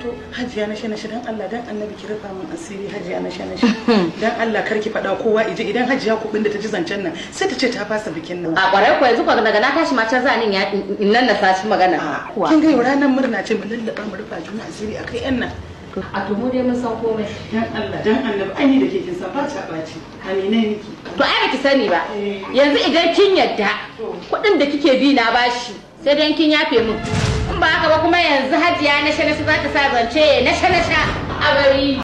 fito hajiya dan Allah kowa ije idan da ta ji zancen nan sai ta ta fasa bikin nan a daga na tashi ma can zanin ya nan na magana kin ga ranar murna ce lallaba mu juna asiri akai yan nan a to mu dai mun san komai dan Allah dan annabi da ke kin ba ta baci to ai sani ba eh. idan kin yadda kuɗin da kike bi na bashi sai dan kin yafe mun. in ba haka ba kuma yanzu hajiya na sha na su za ta sa zance